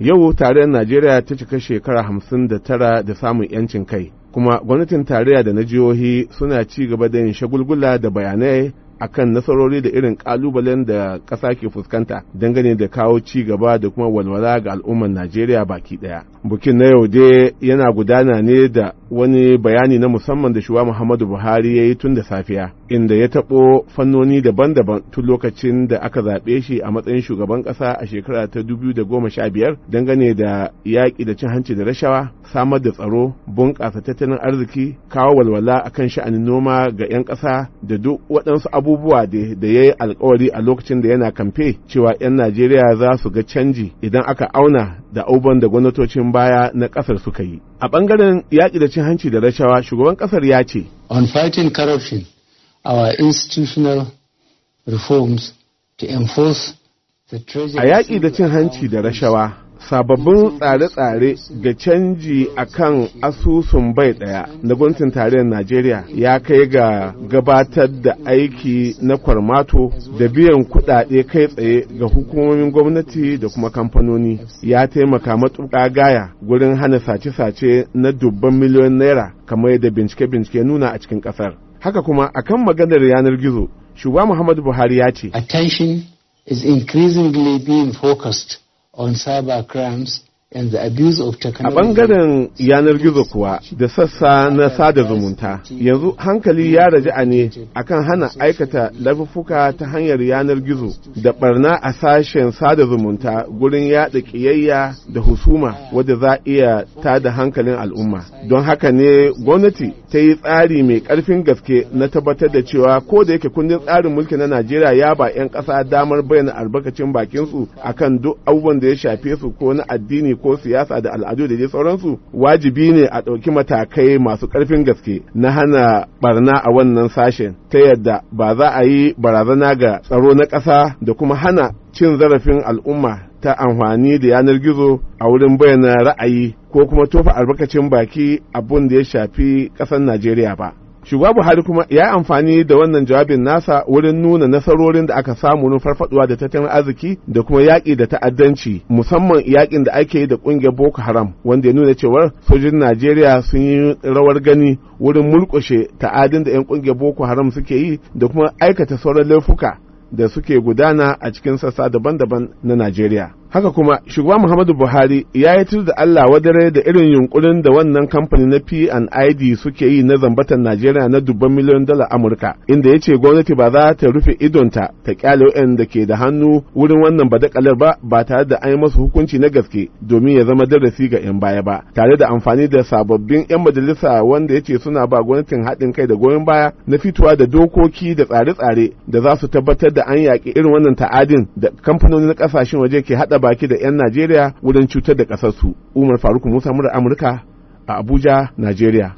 yau tarayyar najeriya ta cika shekara hamsin da tara da samun yancin kai kuma gwamnatin tarayya da na jihohi suna ci gaba da yin shagulgula da bayanai akan nasarori da irin kalubalen da ƙasa ke fuskanta dangane da kawo ci gaba da kuma walwala ga al'ummar najeriya baki daya bukin na yau dai yana gudana ne da wani bayani na musamman da shuwa Muhammadu Buhari ya yi tun da safiya, inda ya taɓo fannoni daban-daban tun lokacin da aka zaɓe shi a matsayin shugaban ƙasa a shekara ta 2015 dangane da yaƙi da cin hanci da rashawa, samar da tsaro, bunƙasa tattalin arziki, kawo walwala a kan sha'anin noma ga 'yan ƙasa da duk waɗansu abubuwa da ya yi alkawari a lokacin da yana kamfe cewa 'yan Najeriya za su ga canji idan aka auna da auban da gwamnatocin baya na ƙasar suka yi. a bangaren yaƙi da cin hanci da rashawa shugaban ƙasar ya ce on fighting corruption our institutional reforms to enforce the treasury a yaƙi da cin hanci da rashawa sababbin tsare-tsare ga canji a kan asusun bai daya na gwamnatin tarihin najeriya ya kai ga gabatar da aiki na kwarmato da biyan kudade kai tsaye ga hukumomin gwamnati da kuma kamfanoni ya taimaka matuƙa gaya gurin hana sace-sace na dubban miliyan naira kamar yadda bincike-bincike nuna a cikin ƙasar haka kuma a kan maganar yanar gizo shugaba muhammadu buhari ya ce attention is increasingly being focused on cyber crimes A ɓangaren yanar gizo kuwa da sassa na sada zumunta, yanzu hankali ya raja a ne akan hana aikata laifuka ta hanyar yanar gizo da barna a sashen sada zumunta gurin yaɗa ƙiyayya da husuma wadda za iya ta da hankalin al'umma. Don haka ne gwamnati ta yi tsari mai ƙarfin gaske na tabbatar da cewa ko da yake kundin tsarin mulki na Najeriya ya ba 'yan ƙasa damar bayyana albarkacin bakinsu akan duk abubuwan da ya shafe su ko na addini ko siyasa da al'adu da dai sauransu wajibi ne a ɗauki matakai masu ƙarfin gaske na hana barna a wannan sashen ta yadda ba za a yi barazana ga tsaro na ƙasa da kuma hana cin zarafin al'umma ta amfani da yanar gizo a wurin bayyana ra'ayi ko kuma tofa albarkacin baki abun da ya shafi ƙasar Najeriya ba. shugaba buhari kuma ya yi amfani da wannan jawabin nasa wurin nuna nasarorin da aka samu na farfaduwa da tattalin arziki da kuma yaƙi da ta'addanci musamman yaƙin da ake yi da ƙungiyar boko haram wanda ya nuna cewar sojin najeriya sun yi rawar gani wurin mulkushe ta'adin da 'yan ƙungiyar boko haram suke yi da kuma aikata sauran laifuka da suke gudana a cikin sassa daban-daban na najeriya haka kuma shugaba muhammadu buhari ya yi tur da allah wadare da irin yunkurin da wannan kamfani na pnid suke yi na zambatan najeriya na dubban miliyon dala amurka inda ya ce gwamnati ba za ta rufe idonta ta kyale da ke da hannu wurin wannan badakalar ba ba tare da an yi masu hukunci na gaske domin ya zama darasi ga 'yan baya ba tare da amfani da sababbin 'yan majalisa wanda ya ce suna ba gwamnatin haɗin kai da goyon baya na fitowa da dokoki da tsare-tsare da za su tabbatar da an yaƙi irin wannan ta'adin da kamfanoni na ƙasashen waje ke haɗa hada baki da 'yan Najeriya wurin cutar da ƙasarsu. Umar Faruk Musa Amurka a Abuja, Najeriya.